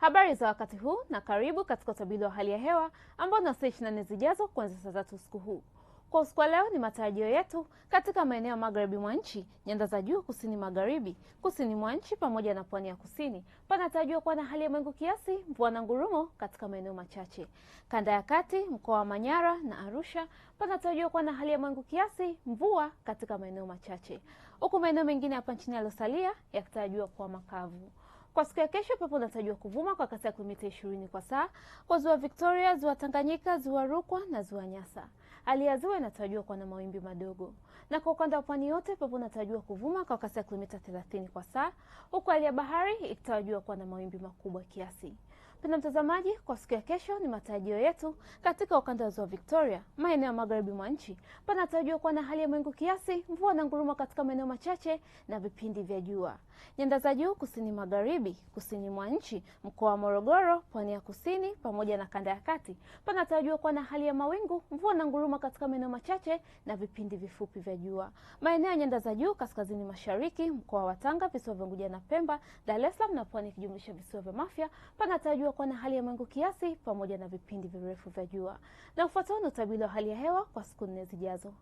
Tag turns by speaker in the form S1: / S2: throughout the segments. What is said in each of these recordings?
S1: Habari za wakati huu na karibu katika utabiri wa hali ya hewa ambao ni wa saa ishirini na nne zijazo kuanzia saa tatu usiku huu. Kwa usiku wa leo ni matarajio yetu katika maeneo magharibi mwa nchi, nyanda za juu kusini magharibi, kusini mwa nchi pamoja na pwani ya kusini, panatarajiwa kuwa na hali ya mawingu kiasi, mvua na ngurumo katika maeneo machache. Kanda ya kati, mkoa wa Manyara na Arusha, panatarajiwa kuwa na hali ya mawingu kiasi, mvua katika maeneo machache, huku maeneo mengine hapa nchini yaliyosalia yakitarajiwa kuwa makavu. Kwa siku ya kesho pepo inatarajiwa kuvuma kwa kasi ya kilomita ishirini kwa saa kwa ziwa Victoria, ziwa Tanganyika, ziwa Rukwa na ziwa Nyasa. Hali ya ziwa inatarajiwa kuwa na mawimbi madogo, na kwa ukanda wa pwani yote pepo inatarajiwa kuvuma kwa kasi ya kilomita thelathini kwa saa, huku hali ya bahari ikitarajiwa kuwa na mawimbi makubwa kiasi. Mpendwa mtazamaji, kwa siku ya kesho ni matarajio yetu katika ukanda wa ziwa Victoria, maeneo ya magharibi mwa nchi panatarajiwa kuwa na hali ya mawingu kiasi, mvua na ngurumo katika maeneo machache na vipindi vya jua. Nyanda za juu kusini magharibi, kusini mwa nchi, mkoa wa Morogoro, pwani ya kusini pamoja na kanda ya kati panatarajiwa kuwa na hali ya mawingu, mvua na ngurumo katika maeneo machache na vipindi vifupi vya jua. Maeneo ya nyanda za juu kaskazini mashariki, mkoa wa Tanga, visiwa vya Unguja na Pemba, Dar es Salaam na pwani ikijumlisha visiwa vya Mafia panatarajiwa kutarajiwa na hali ya mawingu kiasi pamoja na vipindi virefu vya jua. Na ufuatao ni utabiri wa hali ya hewa kwa siku nne zijazo.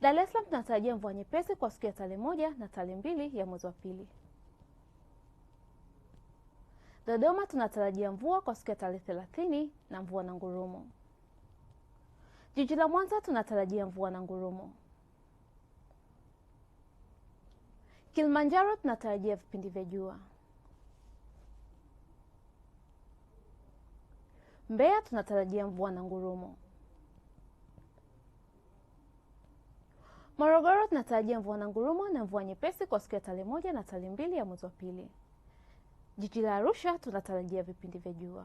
S1: Dar es Salaam tunatarajia mvua nyepesi kwa siku ya tarehe moja na tarehe mbili ya mwezi wa pili. Dodoma tunatarajia mvua kwa siku ya tarehe thelathini na mvua na ngurumo. Jiji la Mwanza tunatarajia mvua na ngurumo. Kilimanjaro tunatarajia vipindi vya jua. Mbeya tunatarajia mvua na ngurumo. Morogoro tunatarajia mvua na ngurumo na mvua nyepesi kwa siku ya tarehe moja na tarehe mbili ya mwezi wa pili. Jiji la Arusha tunatarajia vipindi vya jua.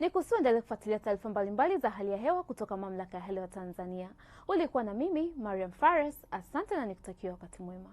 S1: Ni kusiuendelee kufuatilia taarifa mbalimbali za hali ya hewa kutoka Mamlaka ya Hali ya Hewa Tanzania. Ulikuwa na mimi Mariam Fares, asante na nikutakia wakati mwema.